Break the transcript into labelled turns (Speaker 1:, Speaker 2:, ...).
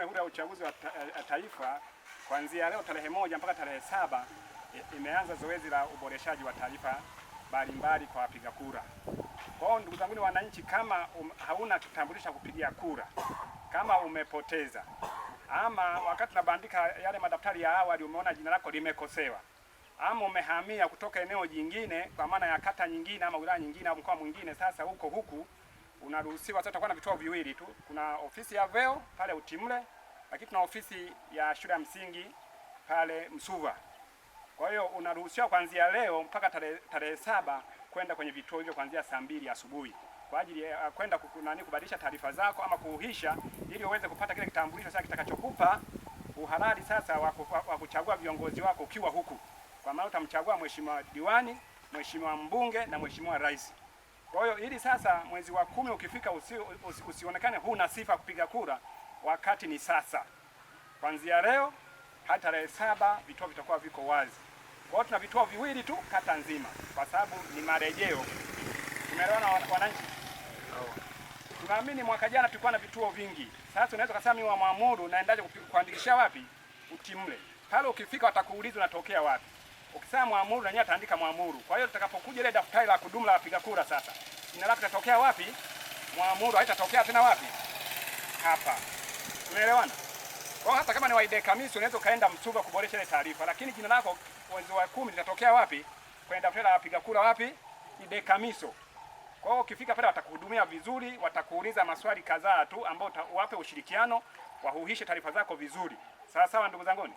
Speaker 1: Tume Huru ya Uchaguzi wa ta, eh, Taifa kuanzia leo tarehe moja mpaka tarehe saba imeanza zoezi la uboreshaji wa taarifa mbalimbali kwa wapiga kura. Kwa hiyo ndugu zangu wananchi, kama um, hauna kitambulisho kupigia kura, kama umepoteza ama wakati unabandika yale madaftari ya awali umeona jina lako limekosewa ama umehamia kutoka eneo jingine, kwa maana ya kata nyingine ama wilaya nyingine au mkoa mwingine, sasa huko huku unaruhusiwa sasa, tutakuwa na vituo viwili tu. Kuna ofisi ya VEO pale Utimle, lakini tuna ofisi ya shule ya msingi pale Msuva. Kwa hiyo unaruhusiwa kuanzia leo mpaka tarehe saba kwenda kwenye vituo hivyo kuanzia saa mbili asubuhi kwa ajili ya kwenda nani kubadilisha taarifa zako ama kuuhisha, ili uweze kupata kile kitambulisho sasa kitakachokupa uhalali sasa wa kuchagua viongozi wako ukiwa huku, kwa maana utamchagua mheshimiwa diwani, mheshimiwa mbunge na mheshimiwa rais. Kwa hiyo ili sasa mwezi wa kumi ukifika usi, usi, usionekane huna sifa kupiga kura. Wakati ni sasa, kuanzia leo hadi tarehe saba vituo vitakuwa viko wazi. Kwa hiyo tuna vituo viwili tu kata nzima, kwa sababu ni marejeo. Tumeelewana wananchi? Tunaamini mwaka jana tulikuwa na vituo vingi, sasa unaweza kusema mimi wa mwamuru naendaje kuandikisha wapi? Utimle pale, ukifika watakuuliza unatokea wapi. Ukisema mwamuru na yeye ataandika mwamuru. Kwa hiyo tutakapokuja ile daftari la kudumu la wapiga kura sasa, jina lako litatokea wapi? Mwamuru, haitatokea tena wapi? Hapa. Umeelewana? Kwa hata kama ni waide kamisi, unaweza kaenda Msuva kuboresha ile taarifa, lakini jina lako mwezi wa kumi litatokea wapi? Kwenye daftari la wapiga kura wapi? Ide kamiso. Kwa hiyo ukifika pale watakuhudumia vizuri, watakuuliza maswali kadhaa tu ambao wape ushirikiano, wahuhishe taarifa zako vizuri.
Speaker 2: Sawa sawa, ndugu zanguni.